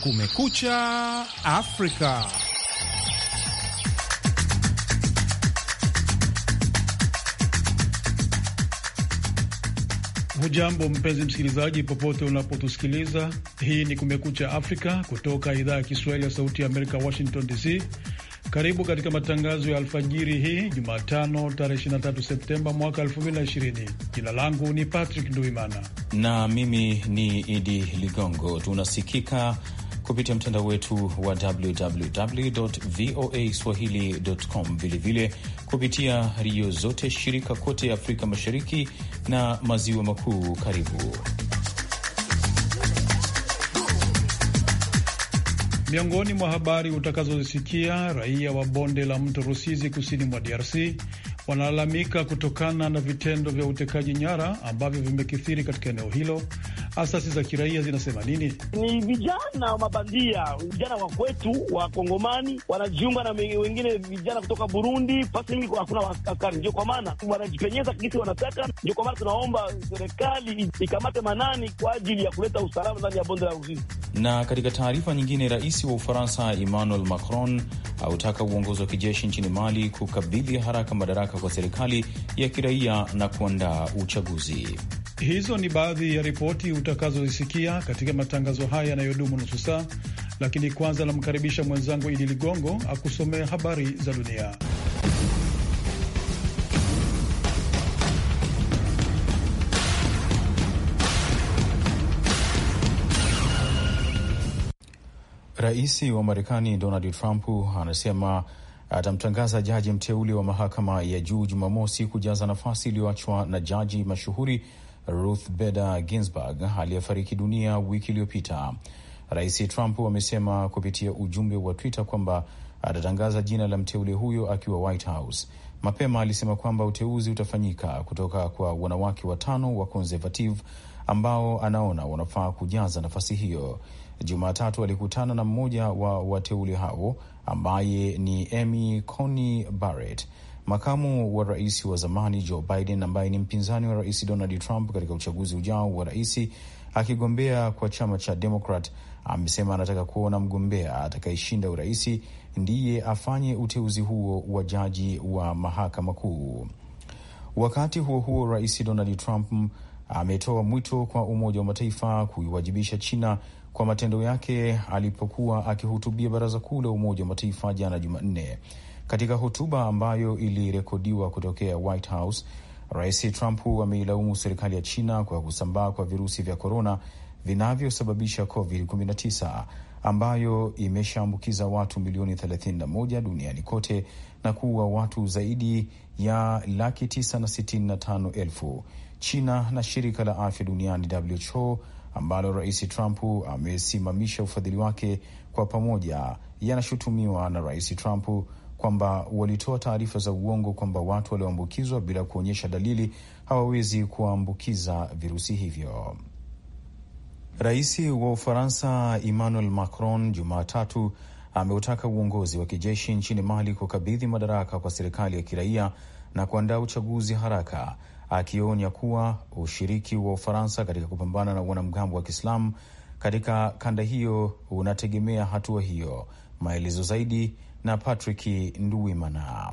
Kumekucha Afrika. Hujambo mpenzi msikilizaji, popote unapotusikiliza. Hii ni Kumekucha Afrika kutoka idhaa ya Kiswahili ya Sauti ya Amerika, Washington DC. Karibu katika matangazo ya alfajiri hii Jumatano, tarehe 23 Septemba mwaka 2020. Jina langu ni Patrick Nduimana na mimi ni Idi Ligongo. Tunasikika kupitia mtandao wetu wa www voa swahili.com, vilevile kupitia redio zote shirika kote Afrika Mashariki na Maziwa Makuu. Karibu. Miongoni mwa habari utakazozisikia, raia wa bonde la mto Rusizi kusini mwa DRC wanalalamika kutokana na vitendo vya utekaji nyara ambavyo vimekithiri katika eneo hilo asasi za kiraia zinasema nini? Ni vijana mabandia, vijana wa kwetu wa Kongomani wanajiunga na wengine vijana kutoka Burundi, pasi nyingi hakuna askari, ndio kwa maana wanajipenyeza kisi wanataka. Ndio kwa maana tunaomba serikali ikamate manani kwa ajili ya kuleta usalama ndani ya bonde la Uzizi. Na katika taarifa nyingine, rais wa Ufaransa Emmanuel Macron autaka uongozi wa kijeshi nchini Mali kukabidhi haraka madaraka kwa serikali ya kiraia na kuandaa uchaguzi. Hizo ni baadhi ya ripoti utakazozisikia katika matangazo haya yanayodumu nusu saa, lakini kwanza namkaribisha mwenzangu Idi Ligongo akusomea habari za dunia. Rais wa Marekani Donald Trump anasema atamtangaza jaji mteule wa mahakama ya juu Jumamosi kujaza nafasi iliyoachwa na jaji mashuhuri Ruth Bader Ginsburg aliyefariki dunia wiki iliyopita. Rais Trump amesema kupitia ujumbe wa Twitter kwamba atatangaza jina la mteule huyo akiwa White House. Mapema alisema kwamba uteuzi utafanyika kutoka kwa wanawake watano wa conservative ambao anaona wanafaa kujaza nafasi hiyo. Jumatatu alikutana na mmoja wa wateule hao ambaye ni Amy Coney Barrett Makamu wa rais wa zamani Joe Biden ambaye ni mpinzani wa rais Donald Trump katika uchaguzi ujao wa rais akigombea kwa chama cha Demokrat amesema anataka kuona mgombea atakayeshinda uraisi ndiye afanye uteuzi huo wa jaji wa mahakama kuu. Wakati huo huo, rais Donald Trump ametoa mwito kwa Umoja wa Mataifa kuiwajibisha China kwa matendo yake alipokuwa akihutubia Baraza Kuu la Umoja wa Mataifa jana Jumanne. Katika hotuba ambayo ilirekodiwa kutokea White House, Rais Trump ameilaumu serikali ya China kwa kusambaa kwa virusi vya korona vinavyosababisha COVID-19 ambayo imeshaambukiza watu milioni 31 duniani kote na kuua watu zaidi ya laki 9 na 65 elfu. China na shirika la afya duniani WHO ambalo Rais Trump amesimamisha ufadhili wake kwa pamoja yanashutumiwa na Rais Trump kwamba walitoa taarifa za uongo kwamba watu walioambukizwa bila kuonyesha dalili hawawezi kuambukiza virusi hivyo. Rais wa Ufaransa Emmanuel Macron Jumatatu ameutaka uongozi wa kijeshi nchini Mali kukabidhi madaraka kwa serikali ya kiraia na kuandaa uchaguzi haraka, akionya kuwa ushiriki wa Ufaransa katika kupambana na wanamgambo wa Kiislamu katika kanda hiyo unategemea hatua hiyo. Maelezo zaidi na Patrick Nduwimana.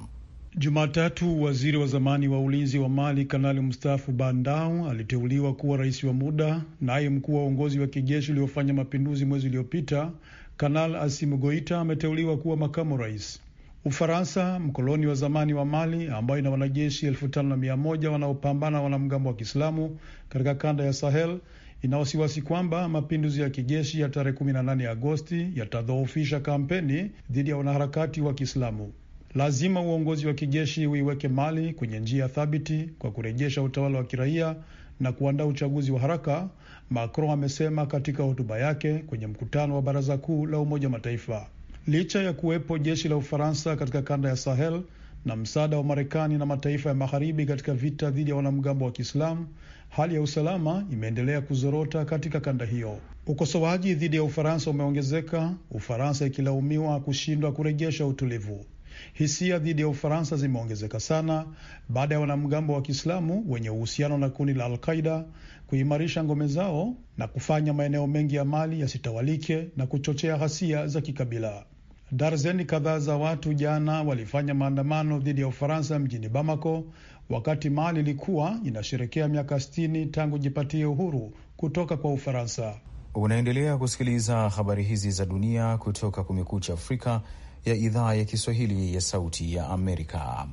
Jumatatu, waziri wa zamani wa ulinzi wa Mali Kanali mstaafu Bandao aliteuliwa kuwa rais wa muda, naye mkuu wa uongozi wa kijeshi uliofanya mapinduzi mwezi uliopita Kanal Asimu Goita ameteuliwa kuwa makamu rais. Ufaransa, mkoloni wa zamani wa Mali ambayo ina wanajeshi elfu tano na mia moja wanaopambana wanamgambo wa Kiislamu katika kanda ya Sahel ina wasiwasi kwamba mapinduzi ya kijeshi ya tarehe 18 Agosti yatadhoofisha kampeni dhidi ya wanaharakati wa Kiislamu. Lazima uongozi wa kijeshi uiweke Mali kwenye njia thabiti kwa kurejesha utawala wa kiraia na kuandaa uchaguzi wa haraka, Macron amesema katika hotuba yake kwenye mkutano wa Baraza Kuu la Umoja Mataifa. Licha ya kuwepo jeshi la Ufaransa katika kanda ya Sahel, na msaada wa Marekani na mataifa ya magharibi katika vita dhidi ya wanamgambo wa Kiislamu, hali ya usalama imeendelea kuzorota katika kanda hiyo. Ukosoaji dhidi ya Ufaransa umeongezeka, Ufaransa ikilaumiwa kushindwa kurejesha utulivu. Hisia dhidi ya Ufaransa zimeongezeka sana baada ya wanamgambo wa Kiislamu wenye uhusiano na kundi la Alqaida kuimarisha ngome zao na kufanya maeneo mengi ya Mali yasitawalike na kuchochea ghasia za kikabila. Darzeni kadhaa za watu jana walifanya maandamano dhidi ya Ufaransa mjini Bamako, wakati Mali ilikuwa inasherekea miaka 60 tangu jipatie uhuru kutoka kwa Ufaransa. Unaendelea kusikiliza habari hizi za dunia kutoka Kumekucha Afrika ya idhaa ya Kiswahili ya Sauti ya Amerika.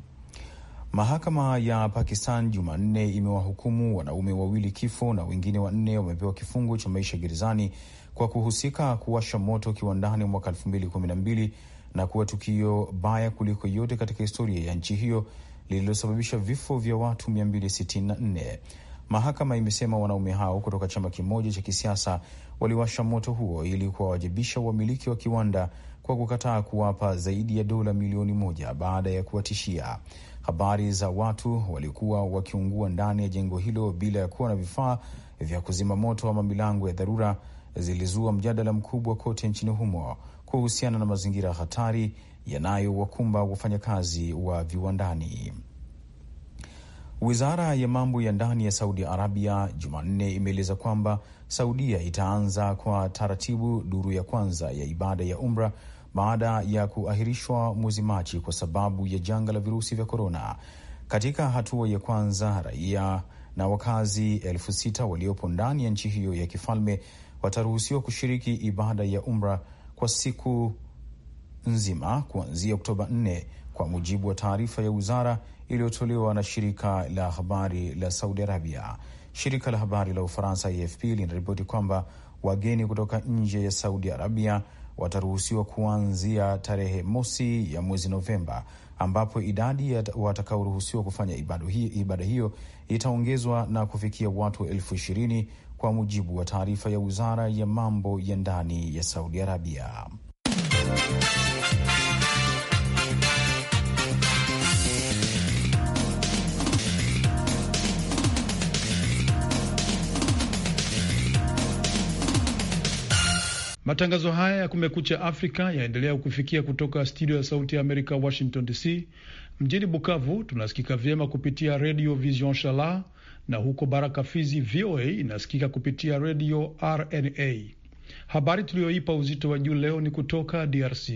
Mahakama ya Pakistan Jumanne imewahukumu wanaume wawili kifo na wengine wanne wamepewa kifungo cha maisha gerezani kwa kuhusika kuwasha moto kiwandani mwaka 2012 na kuwa tukio baya kuliko yote katika historia ya nchi hiyo lililosababisha vifo vya watu 264. Mahakama imesema wanaume hao kutoka chama kimoja cha kisiasa waliwasha moto huo ili kuwawajibisha wamiliki wa kiwanda kwa kukataa kuwapa zaidi ya dola milioni moja baada ya kuwatishia. Habari za watu walikuwa wakiungua ndani ya jengo hilo bila ya kuwa na vifaa vya kuzima moto ama milango ya dharura zilizua mjadala mkubwa kote nchini humo kuhusiana na mazingira hatari yanayowakumba wafanyakazi wa viwandani. Wizara ya mambo ya ndani ya Saudi Arabia Jumanne imeeleza kwamba Saudia itaanza kwa taratibu duru ya kwanza ya ibada ya umra baada ya kuahirishwa mwezi Machi kwa sababu ya janga la virusi vya korona. Katika hatua ya kwanza, raia na wakazi elfu sita waliopo ndani ya nchi hiyo ya kifalme wataruhusiwa kushiriki ibada ya umra kwa siku nzima kuanzia Oktoba 4 kwa mujibu wa taarifa ya wizara iliyotolewa na shirika la habari la Saudi Arabia. Shirika la habari la Ufaransa AFP linaripoti kwamba wageni kutoka nje ya Saudi Arabia wataruhusiwa kuanzia tarehe mosi ya mwezi Novemba ambapo idadi ya watakaoruhusiwa kufanya ibada hiyo, ibada hiyo itaongezwa na kufikia watu elfu ishirini kwa mujibu wa taarifa ya wizara ya mambo ya ndani ya Saudi Arabia. Matangazo haya ya Kumekucha Afrika yaendelea kufikia kutoka studio ya Sauti ya Amerika, Washington DC. Mjini Bukavu tunasikika vyema kupitia redio Vision Shala, na huko Baraka Fizi VOA inasikika kupitia redio RNA. Habari tuliyoipa uzito wa juu leo ni kutoka DRC.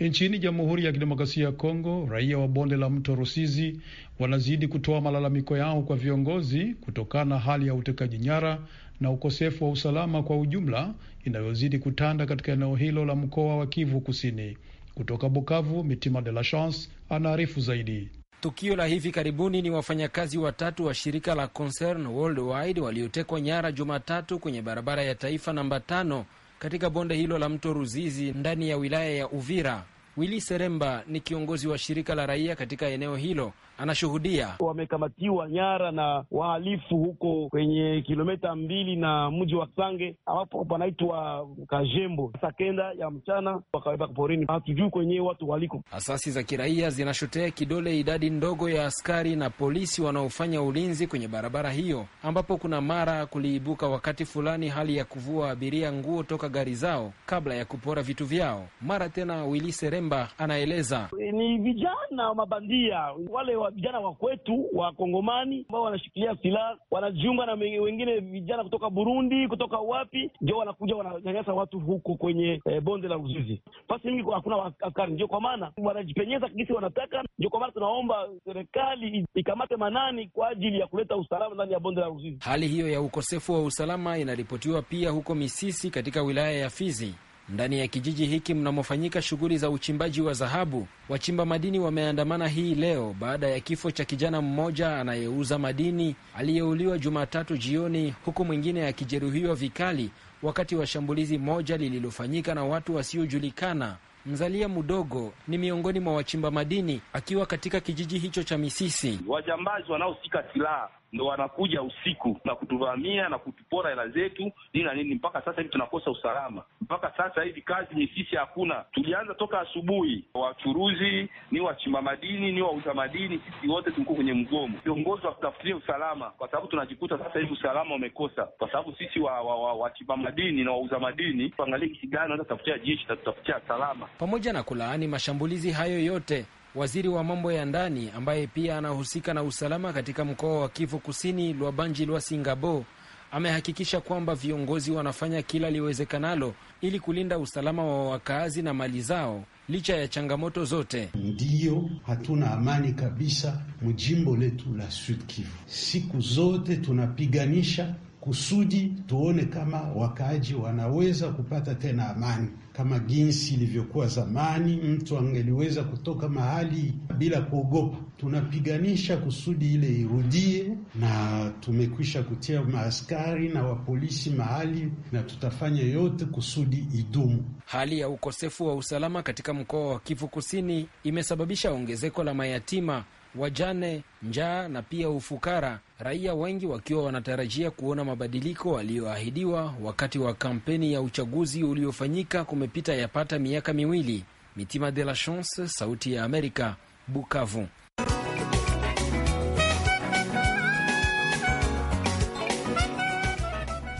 Nchini Jamhuri ya Kidemokrasia ya Kongo, raia wa bonde la mto Rusizi wanazidi kutoa malalamiko yao kwa viongozi kutokana na hali ya utekaji nyara na ukosefu wa usalama kwa ujumla inayozidi kutanda katika eneo hilo la mkoa wa Kivu Kusini. Kutoka Bukavu, Mitima de la Chance anaarifu zaidi. Tukio la hivi karibuni ni wafanyakazi watatu wa shirika la Concern Worldwide waliotekwa nyara Jumatatu kwenye barabara ya taifa namba tano katika bonde hilo la mto Ruzizi ndani ya wilaya ya Uvira. Willy Seremba ni kiongozi wa shirika la raia katika eneo hilo anashuhudia. Wamekamatiwa nyara na wahalifu huko kwenye kilometa mbili na mji wa Sange ambapo panaitwa Kajembo, saa kenda ya mchana wakaweka porini, hatujui kwenyewe watu waliko. Asasi za kiraia zinashotea kidole idadi ndogo ya askari na polisi wanaofanya ulinzi kwenye barabara hiyo, ambapo kuna mara kuliibuka wakati fulani hali ya kuvua abiria nguo toka gari zao kabla ya kupora vitu vyao. Mara tena Wili Seremba anaeleza ni vijana mabandia wale wa vijana wa kwetu wa Kongomani ambao wanashikilia silaha wanajiunga na wengine vijana kutoka Burundi, kutoka wapi, ndio wanakuja wananyanyasa watu huko kwenye eh, bonde la Ruzizi. Fasi nyingi hakuna askari, ndio kwa maana wanajipenyeza kisi wanataka. Ndio kwa maana tunaomba serikali ikamate manani kwa ajili ya kuleta usalama ndani ya bonde la Ruzizi. Hali hiyo ya ukosefu wa usalama inaripotiwa pia huko Misisi katika wilaya ya Fizi. Ndani ya kijiji hiki mnamofanyika shughuli za uchimbaji wa dhahabu, wachimba madini wameandamana hii leo baada ya kifo cha kijana mmoja anayeuza madini aliyeuliwa Jumatatu jioni, huku mwingine akijeruhiwa vikali wakati wa shambulizi moja lililofanyika na watu wasiojulikana. Mzalia Mudogo ni miongoni mwa wachimba madini akiwa katika kijiji hicho cha Misisi. Wajambazi wanaoshika silaha ndo wanakuja usiku na kutuvamia na kutupora hela zetu nini na nini. Mpaka sasa hivi tunakosa usalama mpaka sasa hivi kazi ni sisi hakuna. Tulianza toka asubuhi, wachuruzi ni wachimba madini ni wauza madini, sisi wote tulikuwa kwenye mgomo. Viongozi wakutafutia usalama, kwa sababu tunajikuta sasa hivi usalama umekosa, kwa sababu sisi wa, wa, wa, wachimba madini na wauza madini tuangalie kisi gani wanaweza tafutia jeshi na tutafutia salama. Pamoja na kulaani mashambulizi hayo yote Waziri wa mambo ya ndani ambaye pia anahusika na usalama katika mkoa wa Kivu Kusini, Lwabanji Lwa Singabo amehakikisha kwamba viongozi wanafanya kila liwezekanalo ili kulinda usalama wa wakaazi na mali zao licha ya changamoto zote. Ndiyo, hatuna amani kabisa mjimbo letu la Sud Kivu. Siku zote tunapiganisha kusudi tuone kama wakaaji wanaweza kupata tena amani kama jinsi ilivyokuwa zamani, mtu angeliweza kutoka mahali bila kuogopa. Tunapiganisha kusudi ile irudie, na tumekwisha kutia maaskari na wapolisi mahali, na tutafanya yote kusudi idumu. Hali ya ukosefu wa usalama katika mkoa wa Kivu Kusini imesababisha ongezeko la mayatima, wajane, njaa na pia ufukara raia wengi wakiwa wanatarajia kuona mabadiliko aliyoahidiwa wakati wa kampeni ya uchaguzi uliofanyika kumepita yapata miaka miwili. Mitima de la Chance, Sauti ya Amerika, Bukavu.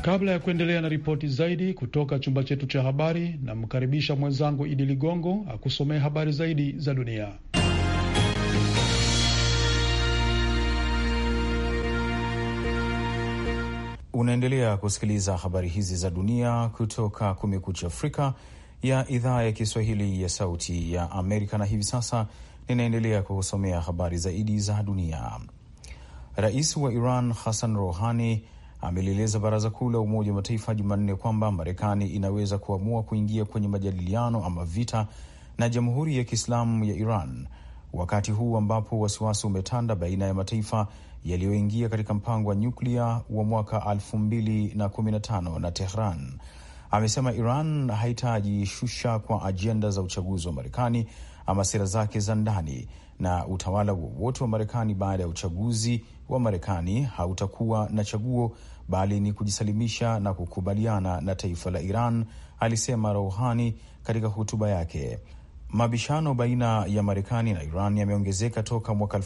Kabla ya kuendelea na ripoti zaidi kutoka chumba chetu cha habari, namkaribisha mwenzangu Idi Ligongo akusomee habari zaidi za dunia. Unaendelea kusikiliza habari hizi za dunia kutoka Kumekucha Afrika ya idhaa ya Kiswahili ya Sauti ya Amerika, na hivi sasa ninaendelea kukusomea habari zaidi za dunia. Rais wa Iran Hassan Rouhani amelieleza Baraza Kuu la Umoja wa Mataifa Jumanne kwamba Marekani inaweza kuamua kuingia kwenye majadiliano ama vita na Jamhuri ya Kiislamu ya Iran wakati huu ambapo wasiwasi umetanda baina ya mataifa yaliyoingia katika mpango wa nyuklia wa mwaka 2015 na Tehran. Amesema Iran haitajishusha kwa ajenda za uchaguzi wa Marekani ama sera zake za ndani, na utawala wowote wa Marekani baada ya uchaguzi wa Marekani hautakuwa na chaguo bali ni kujisalimisha na kukubaliana na taifa la Iran, alisema Rouhani katika hotuba yake. Mabishano baina ya Marekani na Iran yameongezeka toka mwaka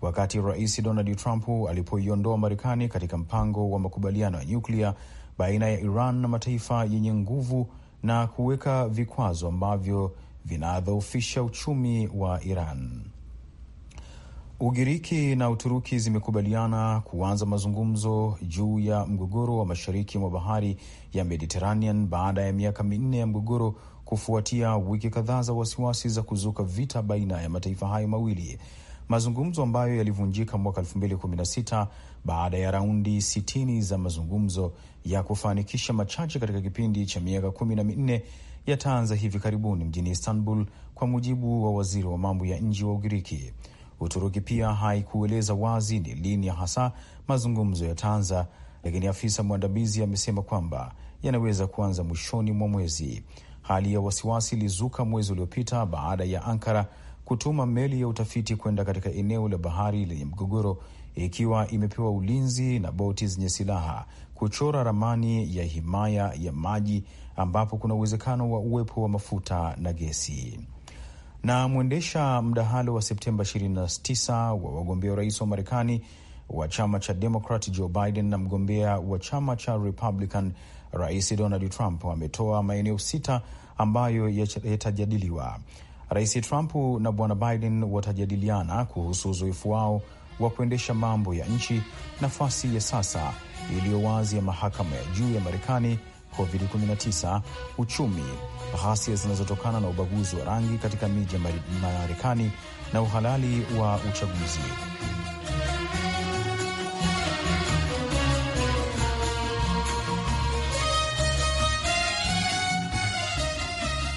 wakati Rais Donald Trump alipoiondoa Marekani katika mpango wa makubaliano ya nyuklia baina ya Iran na mataifa yenye nguvu na kuweka vikwazo ambavyo vinadhoofisha uchumi wa Iran. Ugiriki na Uturuki zimekubaliana kuanza mazungumzo juu ya mgogoro wa mashariki mwa bahari ya Mediterranean baada ya miaka minne ya mgogoro kufuatia wiki kadhaa za wasiwasi za kuzuka vita baina ya mataifa hayo mawili mazungumzo ambayo yalivunjika mwaka 2016 baada ya raundi 60 za mazungumzo ya kufanikisha machache katika kipindi cha miaka kumi na minne yataanza hivi karibuni mjini Istanbul, kwa mujibu wa waziri wa mambo ya nje wa Ugiriki. Uturuki pia haikueleza wazi ni lini hasa mazungumzo yataanza, lakini afisa mwandamizi amesema kwamba yanaweza kuanza mwishoni mwa mwezi. Hali ya wasiwasi ilizuka mwezi uliopita baada ya Ankara kutuma meli ya utafiti kwenda katika eneo la bahari lenye mgogoro ikiwa imepewa ulinzi na boti zenye silaha, kuchora ramani ya himaya ya maji ambapo kuna uwezekano wa uwepo wa mafuta na gesi. Na mwendesha mdahalo wa Septemba 29 wa wagombea urais wa Marekani wa chama cha Demokrat Joe Biden na mgombea wa chama cha Republican Rais Donald Trump ametoa maeneo sita ambayo yatajadiliwa. Rais Trump na Bwana Biden watajadiliana kuhusu uzoefu wao wa kuendesha mambo ya nchi, nafasi ya sasa iliyo wazi ya mahakama ya juu ya Marekani, COVID-19, uchumi, ghasia zinazotokana na ubaguzi wa rangi katika miji ya Marekani na uhalali wa uchaguzi.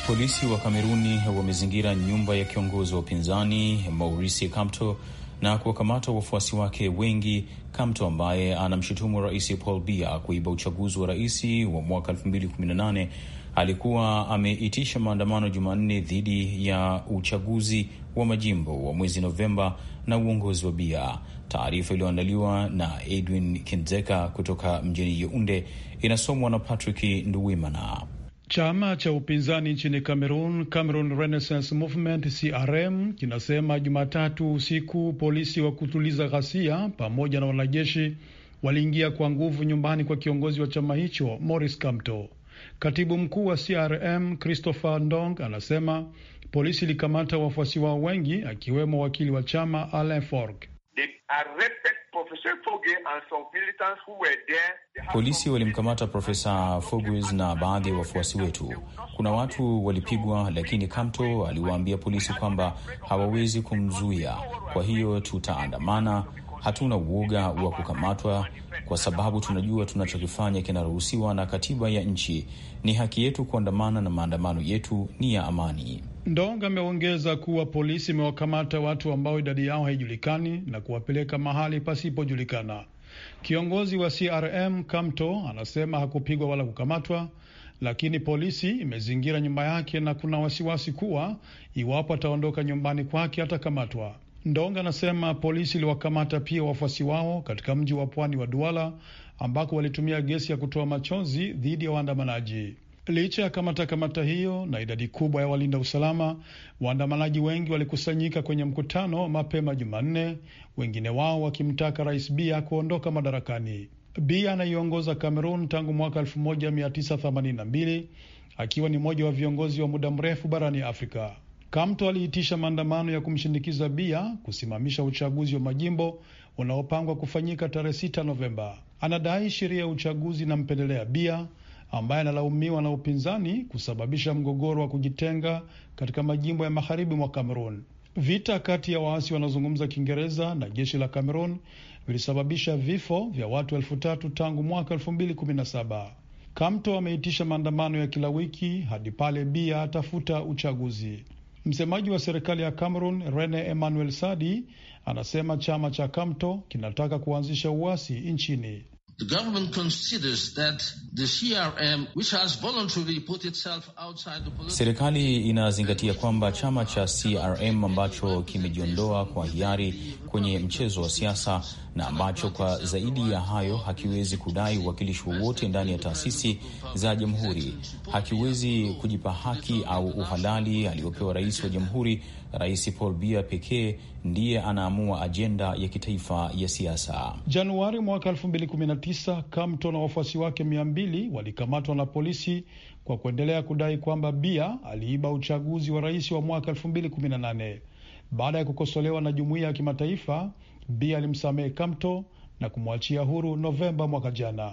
Polisi wa Kameruni wamezingira nyumba ya kiongozi wa upinzani Maurice Kamto na kuwakamata wafuasi wake wengi. Kamto ambaye anamshutumu Rais Paul Biya kuiba uchaguzi wa rais wa mwaka 2018 alikuwa ameitisha maandamano Jumanne dhidi ya uchaguzi wa majimbo wa mwezi Novemba na uongozi wa Biya. Taarifa iliyoandaliwa na Edwin Kinzeka kutoka mjini Yeunde inasomwa na Patrick Nduwimana. Chama cha upinzani nchini Cameroon, Cameroon Renaissance Movement CRM, kinasema Jumatatu usiku polisi wa kutuliza ghasia pamoja na wanajeshi waliingia kwa nguvu nyumbani kwa kiongozi wa chama hicho Maurice Kamto. Katibu mkuu wa CRM Christopher Ndong anasema polisi ilikamata wafuasi wao wengi akiwemo wakili wa chama Alain Forg. They arrested Professor Foge and some militants who were there Polisi walimkamata Profesa Forgues na baadhi ya wafuasi wetu. Kuna watu walipigwa, lakini Kamto aliwaambia polisi kwamba hawawezi kumzuia, kwa hiyo tutaandamana. Hatuna uoga wa kukamatwa kwa sababu tunajua tunachokifanya kinaruhusiwa na katiba ya nchi. Ni haki yetu kuandamana na maandamano yetu ni ya amani. ndonga ameongeza kuwa polisi imewakamata watu ambao idadi yao haijulikani na kuwapeleka mahali pasipojulikana. Kiongozi wa CRM Kamto anasema hakupigwa wala kukamatwa, lakini polisi imezingira nyumba yake na kuna wasiwasi kuwa iwapo ataondoka nyumbani kwake atakamatwa. Ndonga anasema polisi iliwakamata pia wafuasi wao katika mji wa pwani wa Duala ambako walitumia gesi ya kutoa machozi dhidi ya waandamanaji. Licha ya kamata kamata hiyo na idadi kubwa ya walinda usalama, waandamanaji wengi walikusanyika kwenye mkutano mapema Jumanne, wengine wao wakimtaka Rais Biya kuondoka madarakani. Biya anaiongoza Kamerun tangu mwaka 1982 akiwa ni mmoja wa viongozi wa muda mrefu barani Afrika. Kamto aliitisha maandamano ya kumshinikiza Biya kusimamisha uchaguzi wa majimbo unaopangwa kufanyika tarehe 6 Novemba. Anadai sheria ya uchaguzi inampendelea Biya ambaye analaumiwa na upinzani kusababisha mgogoro wa kujitenga katika majimbo ya magharibi mwa Cameroon. Vita kati ya waasi wanaozungumza Kiingereza na jeshi la Cameroon vilisababisha vifo vya watu elfu tatu tangu mwaka elfu mbili kumi na saba. Kamto ameitisha maandamano ya kila wiki hadi pale bia atafuta uchaguzi. Msemaji wa serikali ya Cameroon Rene Emmanuel Sadi anasema chama cha Kamto kinataka kuanzisha uasi nchini. The government considers that the CRM, which has voluntarily put itself outside the political... Serikali inazingatia kwamba chama cha CRM ambacho kimejiondoa kwa hiari kwenye mchezo wa siasa na ambacho kwa zaidi ya hayo hakiwezi kudai uwakilishi wowote ndani ya taasisi za jamhuri, hakiwezi kujipa haki au uhalali aliyopewa rais wa jamhuri. Rais Paul bia pekee ndiye anaamua ajenda ya kitaifa ya siasa. Januari mwaka 2019 Kamto na wafuasi wake 200 walikamatwa na polisi kwa kuendelea kudai kwamba bia aliiba uchaguzi wa rais wa mwaka 2018 baada ya kukosolewa na jumuiya ya kimataifa. Bi alimsamehe Kamto na kumwachia huru Novemba mwaka jana.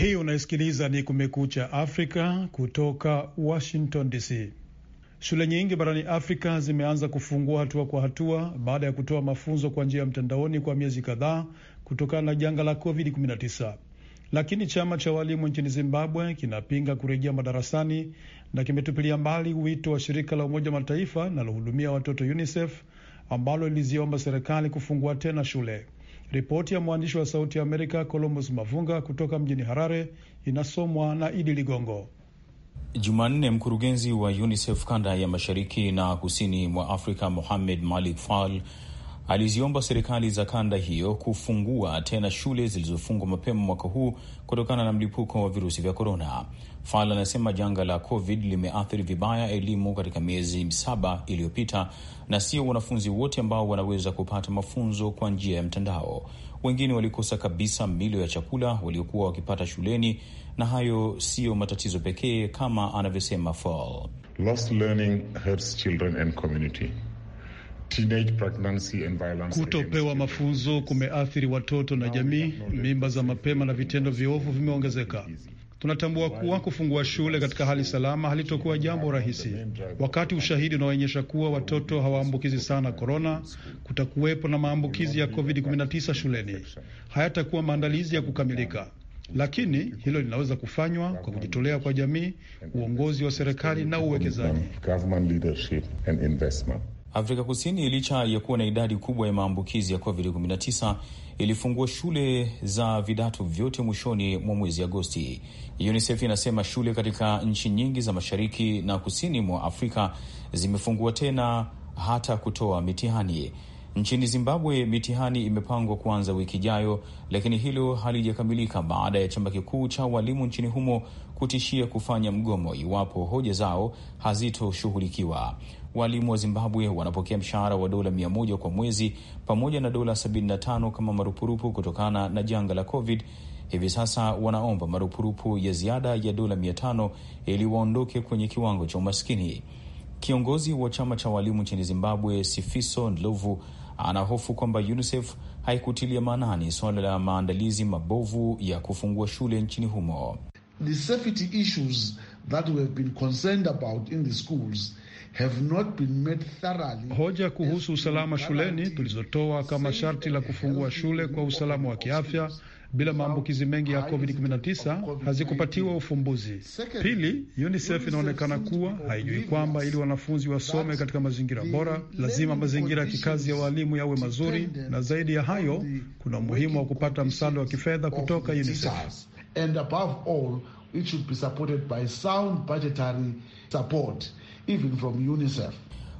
Hii unaisikiliza ni Kumekucha Afrika kutoka Washington DC. Shule nyingi barani Afrika zimeanza kufungua hatua kwa hatua baada ya kutoa mafunzo kwa njia ya mtandaoni kwa miezi kadhaa kutokana na janga la COVID-19 lakini chama cha walimu nchini Zimbabwe kinapinga kurejea madarasani na kimetupilia mbali wito wa shirika la Umoja Mataifa linalohudumia watoto UNICEF ambalo liliziomba serikali kufungua tena shule. Ripoti ya mwandishi wa Sauti ya Amerika Columbus Mavunga kutoka mjini Harare inasomwa na Idi Ligongo. Jumanne, mkurugenzi wa UNICEF kanda ya mashariki na kusini mwa Afrika Mohamed Malik Fall aliziomba serikali za kanda hiyo kufungua tena shule zilizofungwa mapema mwaka huu kutokana na mlipuko wa virusi vya korona. Fal anasema janga la COVID limeathiri vibaya elimu katika miezi saba iliyopita, na sio wanafunzi wote ambao wanaweza kupata mafunzo kwa njia ya mtandao. Wengine walikosa kabisa milo ya chakula waliokuwa wakipata shuleni, na hayo siyo matatizo pekee, kama anavyosema Fal. Kutopewa mafunzo kumeathiri watoto na jamii. Mimba za mapema na vitendo viovu vimeongezeka. Tunatambua kuwa kufungua shule katika hali salama halitokuwa jambo rahisi. Wakati ushahidi unaoonyesha kuwa watoto hawaambukizi sana korona, kutakuwepo na maambukizi ya COVID-19 shuleni, hayatakuwa maandalizi ya kukamilika. Lakini hilo linaweza kufanywa kwa kujitolea kwa jamii, uongozi wa serikali na uwekezaji. Afrika Kusini, licha ya kuwa na idadi kubwa ya maambukizi ya COVID-19, ilifungua shule za vidato vyote mwishoni mwa mwezi Agosti. UNICEF inasema shule katika nchi nyingi za mashariki na kusini mwa Afrika zimefungua tena hata kutoa mitihani. Nchini Zimbabwe, mitihani imepangwa kuanza wiki ijayo, lakini hilo halijakamilika baada ya chama kikuu cha walimu nchini humo kutishia kufanya mgomo iwapo hoja zao hazitoshughulikiwa. Waalimu wa Zimbabwe wanapokea mshahara wa dola mia moja kwa mwezi pamoja na dola 75 kama marupurupu kutokana na janga la COVID. Hivi sasa wanaomba marupurupu ya ziada ya dola mia tano ili waondoke kwenye kiwango cha umaskini. Kiongozi wa chama cha waalimu nchini Zimbabwe, Sifiso Ndlovu, anahofu kwamba UNICEF haikutilia maanani suala la maandalizi mabovu ya kufungua shule nchini humo. The have not been made thoroughly. Hoja kuhusu usalama shuleni tulizotoa kama sharti la kufungua shule kwa usalama wa kiafya bila maambukizi mengi ya COVID-19 hazikupatiwa ufumbuzi. Pili, UNICEF inaonekana kuwa haijui kwamba ili wanafunzi wasome katika mazingira bora, lazima mazingira ya kikazi ya waalimu yawe mazuri, na zaidi ya hayo, kuna umuhimu wa kupata msaada wa kifedha kutoka UNICEF. And above all, it should be supported by sound budgetary support even from UNICEF.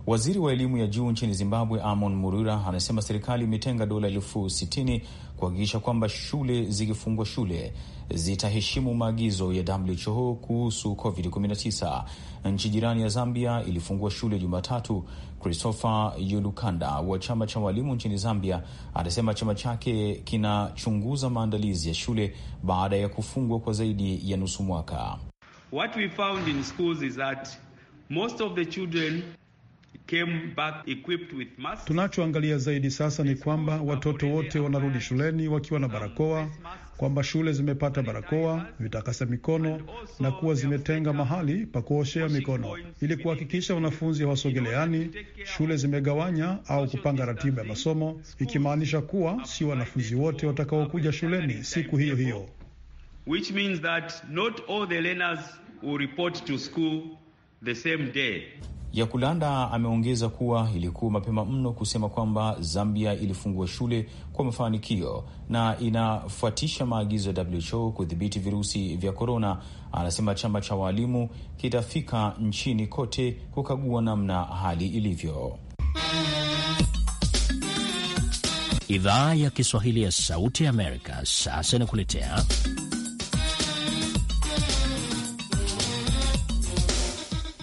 Waziri wa elimu ya juu nchini Zimbabwe Amon Murira anasema serikali imetenga dola elfu sitini kuhakikisha kwamba shule zikifungwa shule zitaheshimu maagizo ya WHO kuhusu COVID-19. Nchi jirani ya Zambia ilifungua shule Jumatatu. Christopher Yolukanda wa chama cha walimu nchini Zambia anasema chama chake kinachunguza maandalizi ya shule baada ya kufungwa kwa zaidi ya nusu mwaka. What we found in schools is that Most of the children came back equipped with masks. Tunachoangalia zaidi sasa ni kwamba watoto wote wanarudi shuleni wakiwa na barakoa, kwamba shule zimepata barakoa, vitakasa mikono na kuwa zimetenga mahali pa kuoshea mikono ili kuhakikisha wanafunzi hawasogeleani. Shule zimegawanya au kupanga ratiba ya masomo, ikimaanisha kuwa si wanafunzi wote watakaokuja shuleni siku hiyo hiyo. Which means that not all the learners will report to school the same day. Yakulanda ameongeza kuwa ilikuwa mapema mno kusema kwamba Zambia ilifungua shule kwa mafanikio na inafuatisha maagizo ya WHO kudhibiti virusi vya korona. Anasema chama cha waalimu kitafika nchini kote kukagua namna hali ilivyo. Idhaa ya Kiswahili ya Sauti ya Amerika sasa inakuletea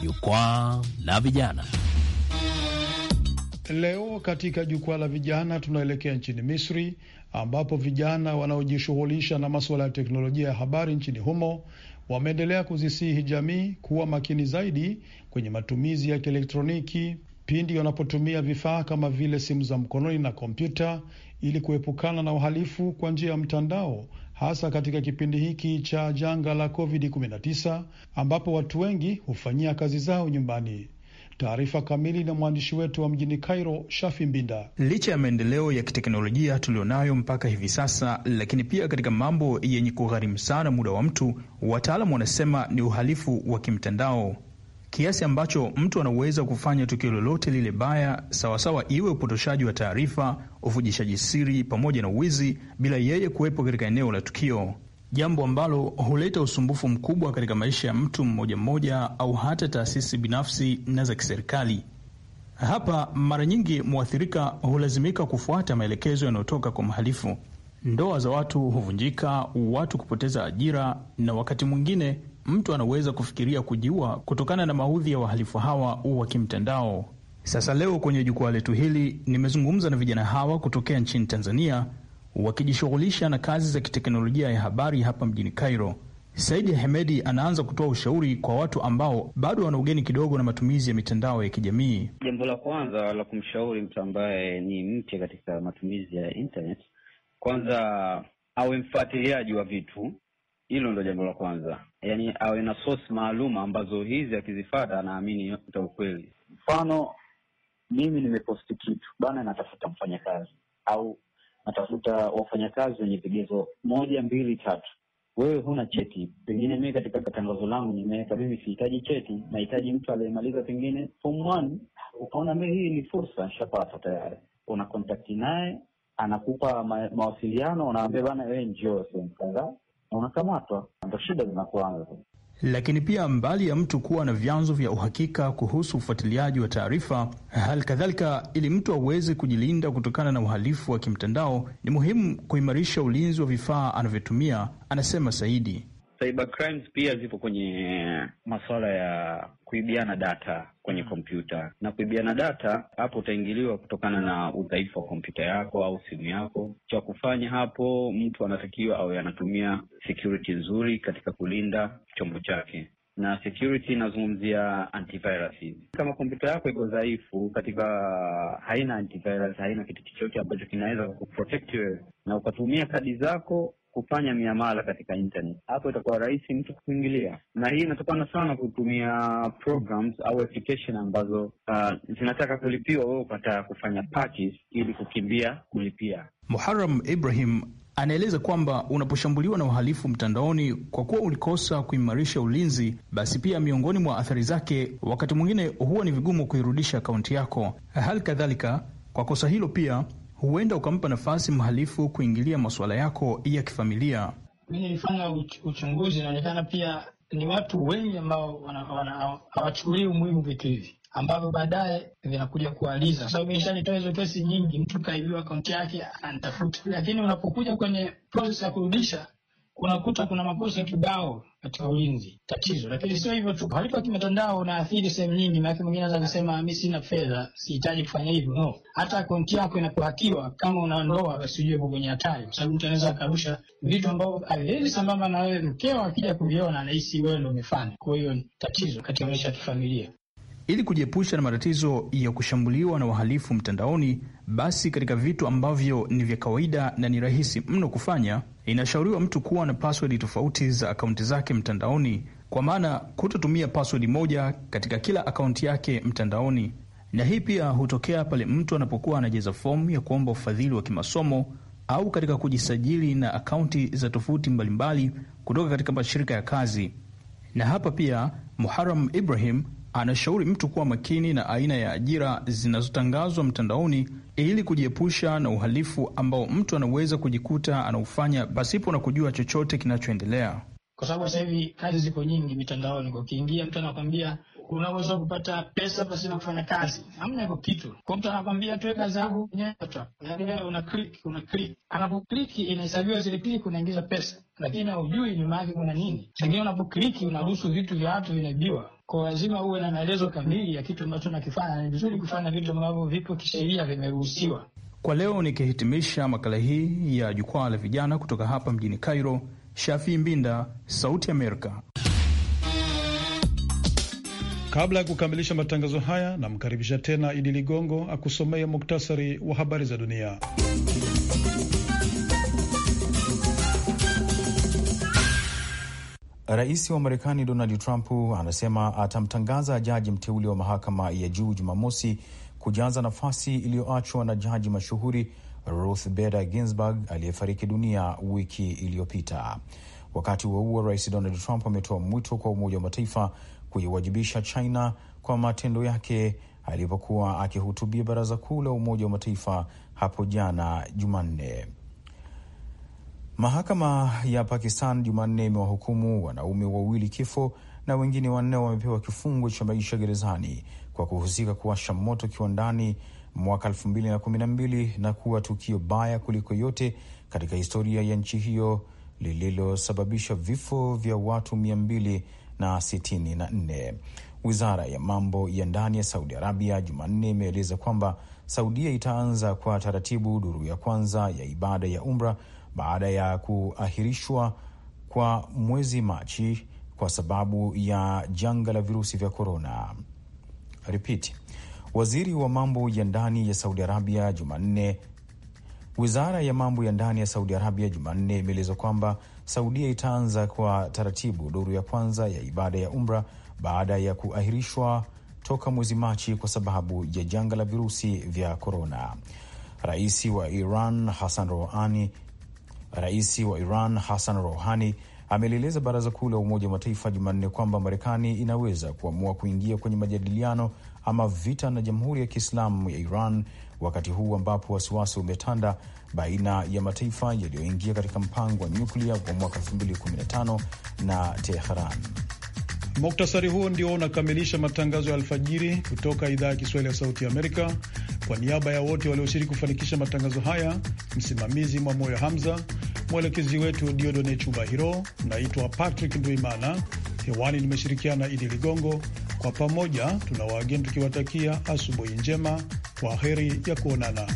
jukwaa la vijana. Leo katika jukwaa la vijana tunaelekea nchini Misri ambapo vijana wanaojishughulisha na masuala ya teknolojia ya habari nchini humo wameendelea kuzisihi jamii kuwa makini zaidi kwenye matumizi ya kielektroniki pindi wanapotumia vifaa kama vile simu za mkononi na kompyuta ili kuepukana na uhalifu kwa njia ya mtandao hasa katika kipindi hiki cha janga la COVID-19 ambapo watu wengi hufanyia kazi zao nyumbani. Taarifa kamili na mwandishi wetu wa mjini Cairo, Shafi Mbinda. Licha ya maendeleo ya kiteknolojia tuliyonayo mpaka hivi sasa, lakini pia katika mambo yenye kugharimu sana muda wa mtu, wataalamu wanasema ni uhalifu wa kimtandao kiasi ambacho mtu anaweza kufanya tukio lolote lile baya, sawasawa iwe upotoshaji wa taarifa, uvujishaji siri, pamoja na uwizi, bila yeye kuwepo katika eneo la tukio, jambo ambalo huleta usumbufu mkubwa katika maisha ya mtu mmoja mmoja au hata taasisi binafsi na za kiserikali. Hapa mara nyingi mwathirika hulazimika kufuata maelekezo yanayotoka kwa mhalifu. Ndoa za watu huvunjika, watu kupoteza ajira, na wakati mwingine mtu anaweza kufikiria kujiua kutokana na maudhi ya wahalifu hawa wa kimtandao. Sasa leo kwenye jukwaa letu hili nimezungumza na vijana hawa kutokea nchini Tanzania wakijishughulisha na kazi za kiteknolojia ya habari hapa mjini Cairo. Saidi Hemedi anaanza kutoa ushauri kwa watu ambao bado wana ugeni kidogo na matumizi ya mitandao ya kijamii. Jambo la kwanza la kumshauri mtu ambaye ni mpya katika matumizi ya internet, kwanza awe mfuatiliaji wa vitu. Hilo ndo jambo la kwanza yani awe na source maalum ambazo hizi akizifata anaamini ta ukweli. Mfano, mimi nimeposti kitu bana, natafuta mfanyakazi au natafuta wafanyakazi wenye vigezo moja mbili tatu. Wewe huna cheti, pengine mii katika tangazo langu nimeweka mimi sihitaji cheti, nahitaji mtu aliyemaliza pengine form one. Ukaona mi hii ni fursa, nshapata tayari, una kontakti naye, anakupa ma mawasiliano, unaambia bana, wee njio sehemu kadhaa na unakamatwa, ndo shida zinakuanza. Lakini pia mbali ya mtu kuwa na vyanzo vya uhakika kuhusu ufuatiliaji wa taarifa, hali kadhalika, ili mtu aweze kujilinda kutokana na uhalifu wa kimtandao, ni muhimu kuimarisha ulinzi wa vifaa anavyotumia, anasema Saidi cyber crimes pia zipo kwenye masuala ya kuibiana data kwenye mm. kompyuta na kuibiana data, hapo utaingiliwa kutokana na udhaifu wa kompyuta yako au simu yako. Cha kufanya hapo, mtu anatakiwa awe anatumia security nzuri katika kulinda chombo chake na security inazungumzia antivirus. Kama kompyuta yako iko dhaifu katika, haina antivirus, haina kitu chochote ambacho kinaweza kuprotect wewe, na ukatumia kadi zako kufanya miamala katika internet. Hapo itakuwa rahisi mtu kuingilia, na hii inatokana sana kutumia programs au application ambazo uh, zinataka kulipiwa wewe ukataa kufanya purchase ili kukimbia kulipia. Muharram Ibrahim anaeleza kwamba unaposhambuliwa na uhalifu mtandaoni kwa kuwa ulikosa kuimarisha ulinzi, basi pia miongoni mwa athari zake, wakati mwingine huwa ni vigumu kuirudisha akaunti yako. Hali kadhalika kwa kosa hilo pia huenda ukampa nafasi mhalifu kuingilia masuala yako ya kifamilia. Mi nilifanya uch uchunguzi, inaonekana pia ni watu wengi ambao hawachukulii umuhimu vitu hivi ambavyo baadaye vinakuja kualiza. Sababu so, ishanitoa hizo kesi nyingi, mtu kaibiwa akaunti yake anatafuta, lakini unapokuja kwenye proses ya kurudisha unakuta kuna makosa kibao katika ulinzi tatizo, lakini sio hivyo tu. Uhalifu wa kimitandao unaathiri sehemu nyingi, maanake mwingine anaweza kusema mi sina fedha, sihitaji kufanya hivyo. No, hata akaunti yako inapohakiwa, kama unaondoa, basi ujue uko kwenye hatari, kwa sababu mtu anaweza akarusha vitu ambavyo haviwezi sambamba na wewe. Mkeo akija kuviona, anahisi wewe ndio umefanya. Kwa hiyo tatizo katika maisha ya kifamilia ili kujiepusha na matatizo ya kushambuliwa na wahalifu mtandaoni, basi katika vitu ambavyo ni vya kawaida na ni rahisi mno kufanya, inashauriwa mtu kuwa na password tofauti za akaunti zake mtandaoni, kwa maana kutotumia password moja katika kila akaunti yake mtandaoni. Na hii pia hutokea pale mtu anapokuwa anajaza fomu ya kuomba ufadhili wa kimasomo au katika kujisajili na akaunti za tofauti mbalimbali kutoka katika mashirika ya kazi. Na hapa pia Muharam Ibrahim anashauri mtu kuwa makini na aina ya ajira zinazotangazwa mtandaoni ili kujiepusha na uhalifu ambao mtu anaweza kujikuta anaufanya pasipo na kujua chochote kinachoendelea, kwa sababu sasa hivi kazi ziko nyingi mitandaoni. Ukiingia mtu anakwambia unaweza kupata pesa basi na kufanya kazi, hamna hivyo kitu. Kwa mtu anakwambia tu kazi yangu nyota, una click, una click, anapokliki inahesabiwa zile click, unaingiza pesa, lakini haujui nyuma yake kuna nini. Lakini unapokliki unaruhusu vitu vya watu vinaibiwa. Kwa lazima uwe na maelezo kamili ya kitu ambacho nakifanya. Ni vizuri kufanya vitu ambavyo vipo kisheria, vimeruhusiwa. Kwa leo nikihitimisha makala hii ya jukwaa la vijana kutoka hapa mjini Cairo, Shafi Mbinda, Sauti Amerika. Kabla ya kukamilisha matangazo haya, namkaribisha tena Idi Ligongo akusomee muktasari wa habari za dunia. Rais wa Marekani Donald Trump anasema atamtangaza jaji mteule wa mahakama ya juu Jumamosi kujaza nafasi iliyoachwa na jaji mashuhuri Ruth Bader Ginsburg aliyefariki dunia wiki iliyopita. Wakati huo huo, Rais Donald Trump ametoa mwito kwa Umoja wa Mataifa kuiwajibisha China kwa matendo yake alipokuwa akihutubia Baraza Kuu la Umoja wa Mataifa hapo jana Jumanne. Mahakama ya Pakistan Jumanne imewahukumu wanaume wawili kifo na wengine wanne wamepewa kifungo cha maisha gerezani kwa kuhusika kuwasha moto kiwandani mwaka elfu mbili na kumi na mbili na kuwa tukio baya kuliko yote katika historia ya nchi hiyo lililosababisha vifo vya watu mia mbili na sitini na nne. Wizara ya mambo ya ndani ya Saudi Arabia Jumanne imeeleza kwamba Saudia itaanza kwa taratibu duru ya kwanza ya ibada ya Umra baada ya kuahirishwa kwa mwezi Machi kwa sababu ya janga la virusi vya korona. Repeat. Waziri wa mambo ya ndani ya Saudi Arabia Jumanne Wizara ya mambo ya ndani ya Saudi Arabia Jumanne imeeleza kwamba Saudia itaanza kwa taratibu duru ya kwanza ya ibada ya umra baada ya kuahirishwa toka mwezi Machi kwa sababu ya janga la virusi vya korona. Rais wa Iran Hassan Rouhani Rais wa Iran Hassan Rouhani amelieleza Baraza Kuu la Umoja wa Mataifa Jumanne kwamba Marekani inaweza kuamua kuingia kwenye majadiliano ama vita na Jamhuri ya Kiislamu ya Iran wakati huu ambapo wasiwasi umetanda baina ya mataifa yaliyoingia katika mpango wa nyuklia wa mwaka 2015 na Teheran. Muktasari huo ndio unakamilisha matangazo ya alfajiri kutoka idhaa ya Kiswahili ya Sauti ya Amerika. Kwa niaba ya wote walioshiriki kufanikisha matangazo haya, msimamizi mwa moyo Hamza, mwelekezi wetu Diodone Chubahiro. Naitwa Patrick Ndwimana, hewani nimeshirikiana na Idi Ligongo. Kwa pamoja tuna waageni tukiwatakia asubuhi njema, kwa heri ya kuonana.